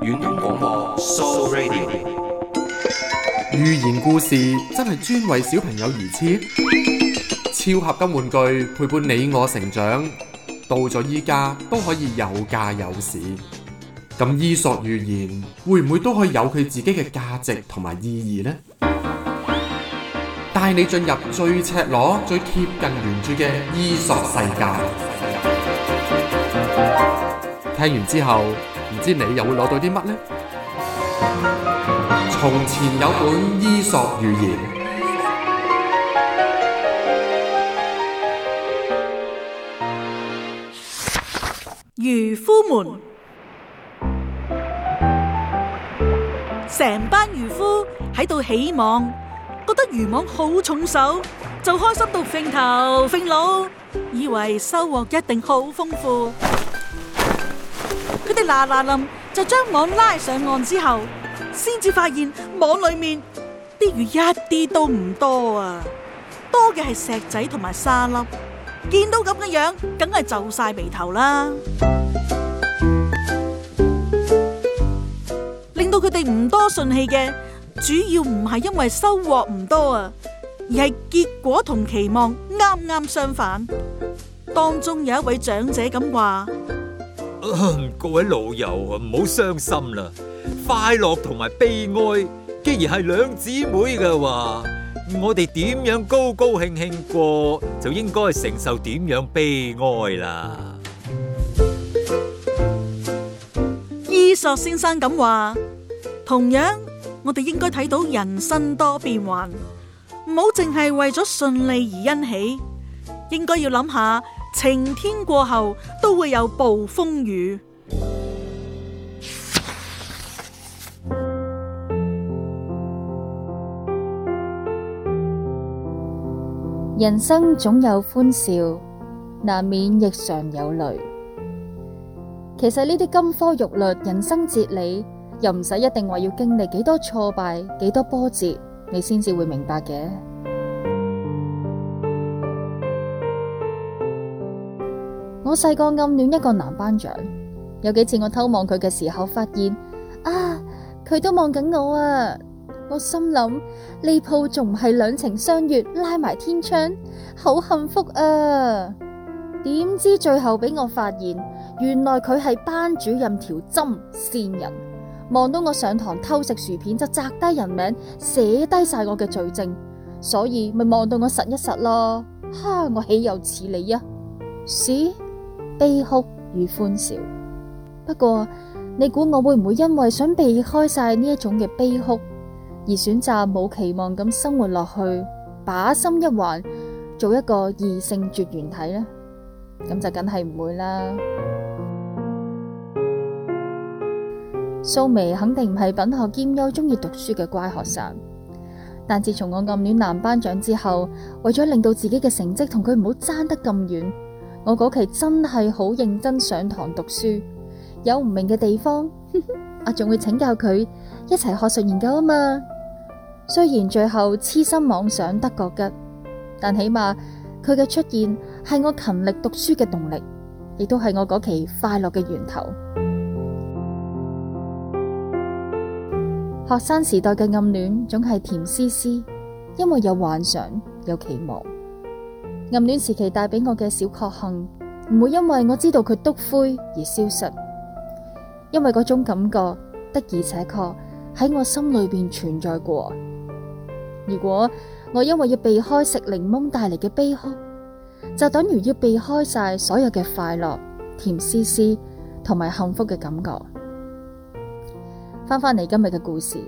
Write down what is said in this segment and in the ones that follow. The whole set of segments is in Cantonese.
遠通廣播，So Radio。寓言故事真係專為小朋友而設，超合金玩具陪伴你我成長，到咗依家都可以有價有市。咁伊索寓言會唔會都可以有佢自己嘅價值同埋意義呢？帶你進入最赤裸、最貼近原著嘅伊索世界。聽完之後。知你又會攞到啲乜呢？從前有本伊索寓言，漁夫們，成班漁夫喺度起網，覺得漁網好重手，就開心到揈頭揈腦，以為收穫一定好豐富。啲嗱嗱冧，就將網拉上岸之後，先至發現網裏面啲魚一啲都唔多啊！多嘅係石仔同埋沙粒。見到咁嘅樣，梗係皺晒眉頭啦。令到佢哋唔多順氣嘅，主要唔係因為收穫唔多啊，而係結果同期望啱啱相反。當中有一位長者咁話。各位老友唔好傷心啦，快樂同埋悲哀既然係兩姊妹嘅話，我哋點樣高高興興過，就應該承受點樣悲哀啦。伊索先生咁話，同樣我哋應該睇到人生多變幻，唔好淨係為咗順利而欣喜，應該要諗下。晴天過後都會有暴風雨，人生總有歡笑，難免亦常有淚。其實呢啲金科玉律、人生哲理，又唔使一定話要經歷幾多挫敗、幾多波折，你先至會明白嘅。我細個暗戀一個男班長，有幾次我偷望佢嘅時候，發現啊，佢都望緊我啊。我心諗呢鋪仲唔係兩情相悦，拉埋天窗，好幸福啊。點知最後俾我發現，原來佢係班主任條針線人，望到我上堂偷食薯片就摘低人名，寫低晒我嘅罪證，所以咪望到我實一實咯。哈、啊！我豈有此理啊！屎！悲哭與歡笑。不過你估我會唔會因為想避開晒呢一種嘅悲哭而選擇冇期望咁生活落去，把心一橫做一個異性絕緣體呢？咁就梗係唔會啦。蘇眉肯定唔係品學兼優、中意讀書嘅乖學生，但自從我暗戀男班長之後，為咗令到自己嘅成績同佢唔好爭得咁遠。我嗰期真係好認真上堂讀書，有唔明嘅地方，我仲會請教佢一齊學術研究啊嘛。雖然最後痴心妄想得個吉，但起碼佢嘅出現係我勤力讀書嘅動力，亦都係我嗰期快樂嘅源頭。學生時代嘅暗戀總係甜絲絲，因為有幻想，有期望。暗戀時期帶俾我嘅小確幸，唔會因為我知道佢篤灰而消失，因為嗰種感覺的而且確喺我心裏邊存在過。如果我因為要避開食檸檬帶嚟嘅悲哭，就等於要避開晒所有嘅快樂、甜絲絲同埋幸福嘅感覺。翻翻嚟今日嘅故事，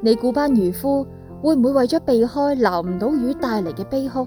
你估班漁夫會唔會為咗避開撈唔到魚帶嚟嘅悲哭？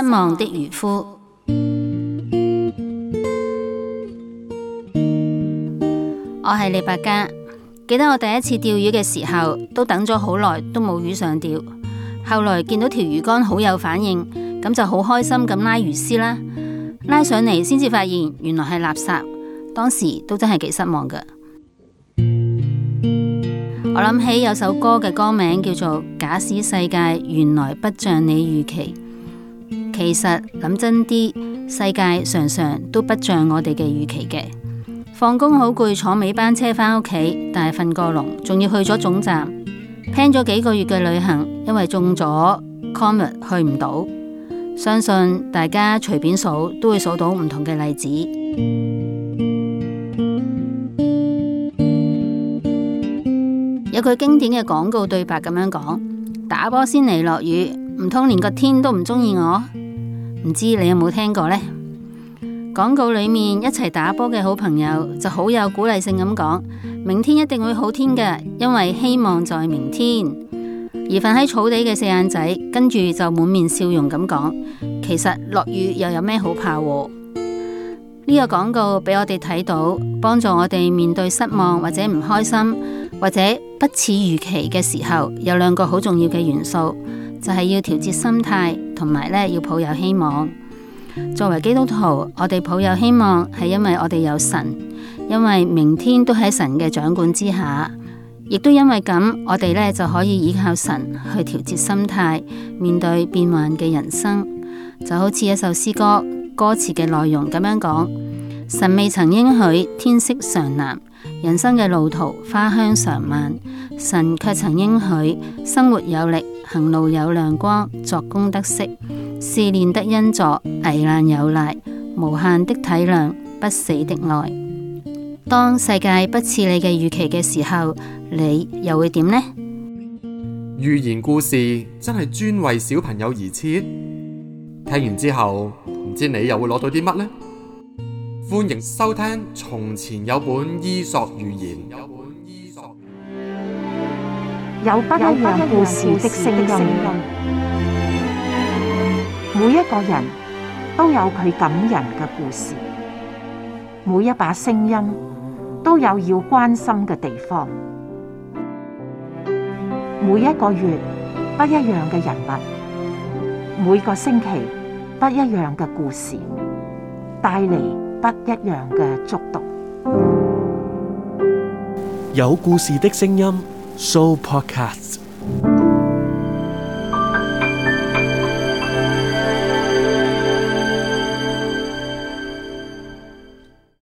失望的漁夫，我係李伯嘉。記得我第一次釣魚嘅時候，都等咗好耐，都冇魚上釣。後來見到條魚竿好有反應，咁就好開心咁拉魚絲啦，拉上嚟先至發現原來係垃圾。當時都真係幾失望㗎。我諗起有首歌嘅歌名叫做《假使世界原來不像你預期》。其實諗真啲，世界常常都不像我哋嘅預期嘅。放工好攰，坐尾班車返屋企，但係瞓過籠，仲要去咗總站 plan 咗幾個月嘅旅行，因為中咗 Comment 去唔到。相信大家一隨便數都會數到唔同嘅例子。有句經典嘅廣告對白咁樣講：打波先嚟落雨，唔通連個天都唔中意我？唔知你有冇聽過呢？廣告裏面一齊打波嘅好朋友就好有鼓勵性咁講，明天一定會好天嘅，因為希望在明天。而瞓喺草地嘅四眼仔，跟住就滿面笑容咁講，其實落雨又有咩好怕呢？呢個廣告俾我哋睇到，幫助我哋面對失望或者唔開心或者不似預期嘅時候，有兩個好重要嘅元素，就係要調節心態。同埋咧，要抱有希望。作為基督徒，我哋抱有希望，係因為我哋有神，因為明天都喺神嘅掌管之下，亦都因為咁，我哋呢就可以依靠神去調節心態，面對變幻嘅人生。就好似一首詩歌，歌詞嘅內容咁樣講：神未曾應許，天色常藍。人生嘅路途花香常漫，神卻曾應許生活有力，行路有亮光，作工得息。試煉得恩助，危難有賴，無限的體諒，不死的愛。當世界不似你嘅預期嘅時候，你又會點呢？寓言故事真係專為小朋友而設，聽完之後唔知你又會攞到啲乜呢？歡迎收聽《從前有本伊索寓言》，有本伊索寓言，有不一樣故事的聲音。一聲音，每一個人都有佢感人嘅故事，每一把聲音都有要關心嘅地方。每一個月不一樣嘅人物，每個星期不一樣嘅故事，帶嚟。不一樣嘅速度，有故事的聲音，Sooo Podcast。